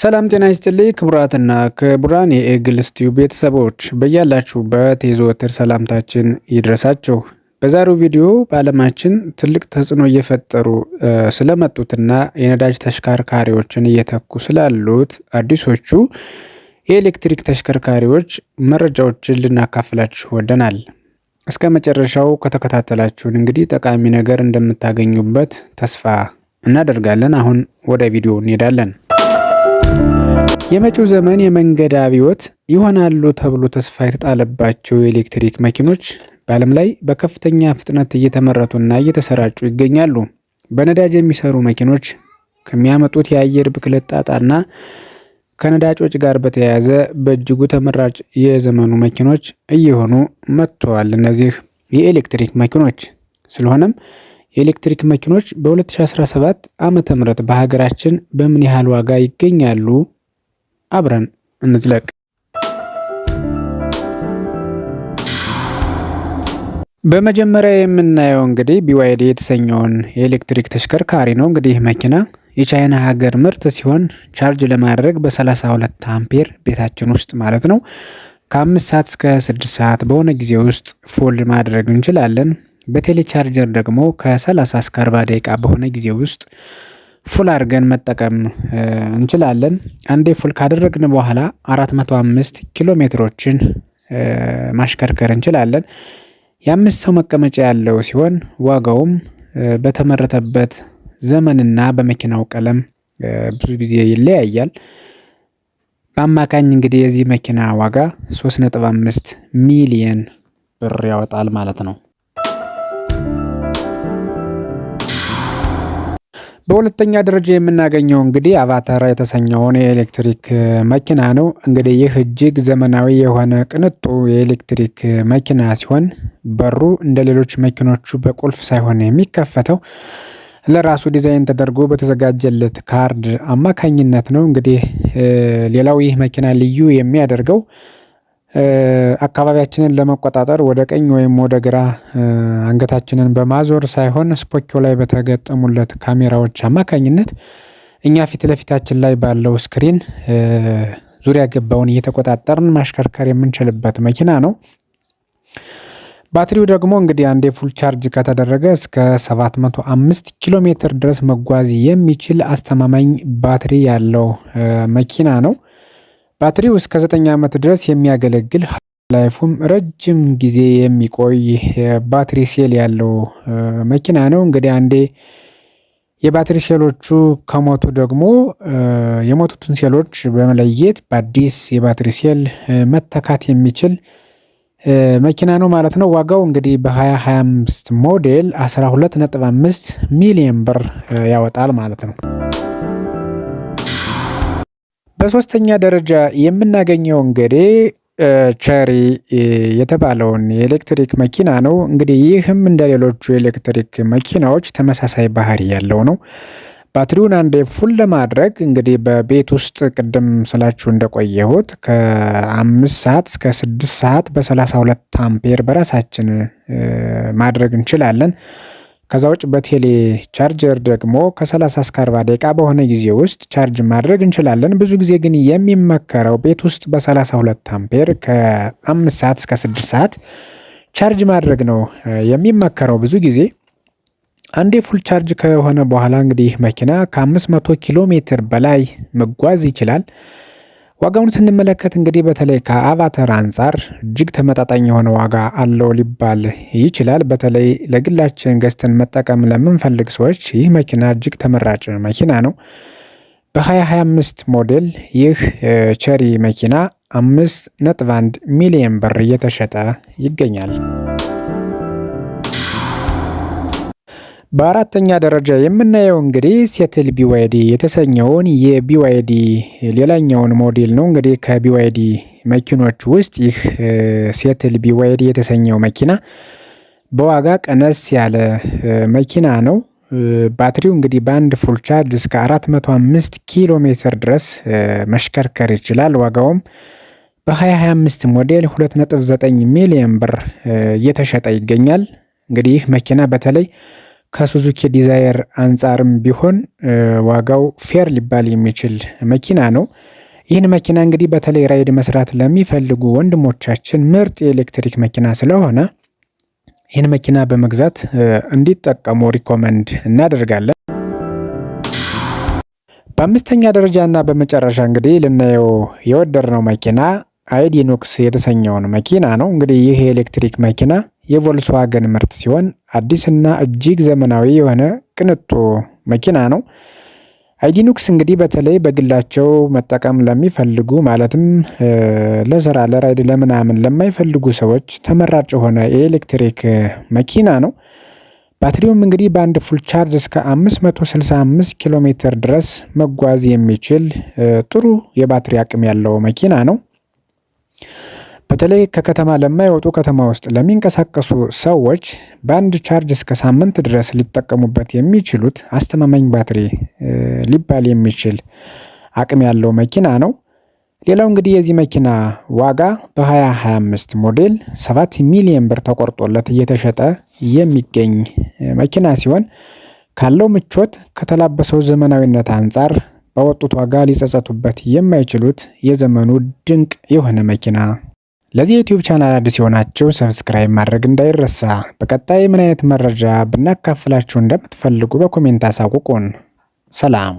ሰላም ጤና ይስጥልኝ ክቡራትና ክቡራን የኤግል ቤተሰቦች በያላችሁበት የዘወትር ሰላምታችን ይድረሳችሁ። በዛሬው ቪዲዮ በዓለማችን ትልቅ ተጽዕኖ እየፈጠሩ ስለመጡትና የነዳጅ ተሽከርካሪዎችን እየተኩ ስላሉት አዲሶቹ የኤሌክትሪክ ተሽከርካሪዎች መረጃዎችን ልናካፍላችሁ ወደናል። እስከ መጨረሻው ከተከታተላችሁን እንግዲህ ጠቃሚ ነገር እንደምታገኙበት ተስፋ እናደርጋለን። አሁን ወደ ቪዲዮ እንሄዳለን። የመጪው ዘመን የመንገድ አብዮት ይሆናሉ ተብሎ ተስፋ የተጣለባቸው የኤሌክትሪክ መኪኖች በዓለም ላይ በከፍተኛ ፍጥነት እየተመረቱና እየተሰራጩ ይገኛሉ። በነዳጅ የሚሰሩ መኪኖች ከሚያመጡት የአየር ብክለት ጣጣና ከነዳጮች ጋር በተያያዘ በእጅጉ ተመራጭ የዘመኑ መኪኖች እየሆኑ መጥተዋል። እነዚህ የኤሌክትሪክ መኪኖች ስለሆነም የኤሌክትሪክ መኪኖች በ2017 ዓመተ ምህረት በሀገራችን በምን ያህል ዋጋ ይገኛሉ? አብረን እንዝለቅ። በመጀመሪያ የምናየው እንግዲህ ቢዋይዲ የተሰኘውን የኤሌክትሪክ ተሽከርካሪ ነው። እንግዲህ መኪና የቻይና ሀገር ምርት ሲሆን ቻርጅ ለማድረግ በ32 አምፔር ቤታችን ውስጥ ማለት ነው ከአምስት ሰዓት እስከ ስድስት ሰዓት በሆነ ጊዜ ውስጥ ፎልድ ማድረግ እንችላለን። በቴሌቻርጀር ደግሞ ከ30 እስከ 40 ደቂቃ በሆነ ጊዜ ውስጥ ፉል አድርገን መጠቀም እንችላለን። አንዴ ፉል ካደረግን በኋላ 405 ኪሎ ሜትሮችን ማሽከርከር እንችላለን። የአምስት ሰው መቀመጫ ያለው ሲሆን ዋጋውም በተመረተበት ዘመንና በመኪናው ቀለም ብዙ ጊዜ ይለያያል። በአማካኝ እንግዲህ የዚህ መኪና ዋጋ 3.5 ሚሊየን ብር ያወጣል ማለት ነው። በሁለተኛ ደረጃ የምናገኘው እንግዲህ አቫታር የተሰኘውን የኤሌክትሪክ መኪና ነው። እንግዲህ ይህ እጅግ ዘመናዊ የሆነ ቅንጡ የኤሌክትሪክ መኪና ሲሆን በሩ እንደ ሌሎች መኪኖቹ በቁልፍ ሳይሆን የሚከፈተው ለራሱ ዲዛይን ተደርጎ በተዘጋጀለት ካርድ አማካኝነት ነው። እንግዲህ ሌላው ይህ መኪና ልዩ የሚያደርገው አካባቢያችንን ለመቆጣጠር ወደ ቀኝ ወይም ወደ ግራ አንገታችንን በማዞር ሳይሆን ስፖኪዮ ላይ በተገጠሙለት ካሜራዎች አማካኝነት እኛ ፊት ለፊታችን ላይ ባለው ስክሪን ዙሪያ ገባውን እየተቆጣጠርን ማሽከርከር የምንችልበት መኪና ነው። ባትሪው ደግሞ እንግዲህ አንዴ ፉል ቻርጅ ከተደረገ እስከ 705 ኪሎ ሜትር ድረስ መጓዝ የሚችል አስተማማኝ ባትሪ ያለው መኪና ነው። ባትሪው እስከ 9 ዓመት ድረስ የሚያገለግል ላይፉም ረጅም ጊዜ የሚቆይ ባትሪ ሴል ያለው መኪና ነው። እንግዲህ አንዴ የባትሪ ሴሎቹ ከሞቱ ደግሞ የሞቱትን ሴሎች በመለየት በአዲስ የባትሪ ሴል መተካት የሚችል መኪና ነው ማለት ነው። ዋጋው እንግዲህ በ2025 ሞዴል 12.5 ሚሊዮን ብር ያወጣል ማለት ነው። በሶስተኛ ደረጃ የምናገኘው እንግዲህ ቸሪ የተባለውን የኤሌክትሪክ መኪና ነው። እንግዲህ ይህም እንደ ሌሎቹ የኤሌክትሪክ መኪናዎች ተመሳሳይ ባህሪ ያለው ነው። ባትሪውን አንዴ ፉል ለማድረግ እንግዲህ በቤት ውስጥ ቅድም ስላችሁ እንደቆየሁት ከአምስት ሰዓት እስከ ስድስት ሰዓት በ ሁለት አምፔር በራሳችን ማድረግ እንችላለን። ከዛ ውጭ በቴሌ ቻርጀር ደግሞ ከ30 እስከ 40 ደቂቃ በሆነ ጊዜ ውስጥ ቻርጅ ማድረግ እንችላለን። ብዙ ጊዜ ግን የሚመከረው ቤት ውስጥ በ32 አምፔር ከ5 ሰዓት እስከ 6 ሰዓት ቻርጅ ማድረግ ነው የሚመከረው ብዙ ጊዜ አንዴ ፉል ቻርጅ ከሆነ በኋላ እንግዲህ መኪና ከ500 ኪሎ ሜትር በላይ መጓዝ ይችላል። ዋጋውን ስንመለከት እንግዲህ በተለይ ከአቫተር አንጻር እጅግ ተመጣጣኝ የሆነ ዋጋ አለው ሊባል ይችላል። በተለይ ለግላችን ገዝተን መጠቀም ለምንፈልግ ሰዎች ይህ መኪና እጅግ ተመራጭ መኪና ነው። በ2025 ሞዴል ይህ ቸሪ መኪና 5.1 ሚሊየን ብር እየተሸጠ ይገኛል። በአራተኛ ደረጃ የምናየው እንግዲህ ሴትል ቢዋይዲ የተሰኘውን የቢዋይዲ ሌላኛውን ሞዴል ነው። እንግዲህ ከቢዋይዲ መኪኖች ውስጥ ይህ ሴትል ቢዋይዲ የተሰኘው መኪና በዋጋ ቀነስ ያለ መኪና ነው። ባትሪው እንግዲህ በአንድ ፉል ቻርጅ እስከ 405 ኪሎ ሜትር ድረስ መሽከርከር ይችላል። ዋጋውም በ2025 ሞዴል 2.9 ሚሊዮን ብር እየተሸጠ ይገኛል። እንግዲህ ይህ መኪና በተለይ ከሱዙኪ ዲዛየር አንጻርም ቢሆን ዋጋው ፌር ሊባል የሚችል መኪና ነው። ይህን መኪና እንግዲህ በተለይ ራይድ መስራት ለሚፈልጉ ወንድሞቻችን ምርጥ የኤሌክትሪክ መኪና ስለሆነ ይህን መኪና በመግዛት እንዲጠቀሙ ሪኮመንድ እናደርጋለን። በአምስተኛ ደረጃና በመጨረሻ እንግዲህ ልናየው የወደድነው መኪና አይዲኖክስ የተሰኘውን መኪና ነው። እንግዲህ ይህ የኤሌክትሪክ መኪና የቮልስዋገን ምርት ሲሆን አዲስና እጅግ ዘመናዊ የሆነ ቅንጡ መኪና ነው። አይዲኖክስ እንግዲህ በተለይ በግላቸው መጠቀም ለሚፈልጉ ማለትም ለስራ፣ ለራይድ፣ ለምናምን ለማይፈልጉ ሰዎች ተመራጭ የሆነ የኤሌክትሪክ መኪና ነው። ባትሪውም እንግዲህ በአንድ ፉል ቻርጅ እስከ 565 ኪሎ ሜትር ድረስ መጓዝ የሚችል ጥሩ የባትሪ አቅም ያለው መኪና ነው። በተለይ ከከተማ ለማይወጡ ከተማ ውስጥ ለሚንቀሳቀሱ ሰዎች በአንድ ቻርጅ እስከ ሳምንት ድረስ ሊጠቀሙበት የሚችሉት አስተማማኝ ባትሪ ሊባል የሚችል አቅም ያለው መኪና ነው። ሌላው እንግዲህ የዚህ መኪና ዋጋ በ2025 ሞዴል 7 ሚሊዮን ብር ተቆርጦለት እየተሸጠ የሚገኝ መኪና ሲሆን ካለው ምቾት ከተላበሰው ዘመናዊነት አንጻር ባወጡት ዋጋ ሊጸጸቱበት የማይችሉት የዘመኑ ድንቅ የሆነ መኪና። ለዚህ ዩቲዩብ ቻናል አዲስ የሆናችሁ ሰብስክራይብ ማድረግ እንዳይረሳ። በቀጣይ ምን አይነት መረጃ ብናካፍላችሁ እንደምትፈልጉ በኮሜንት አሳውቁን። ሰላም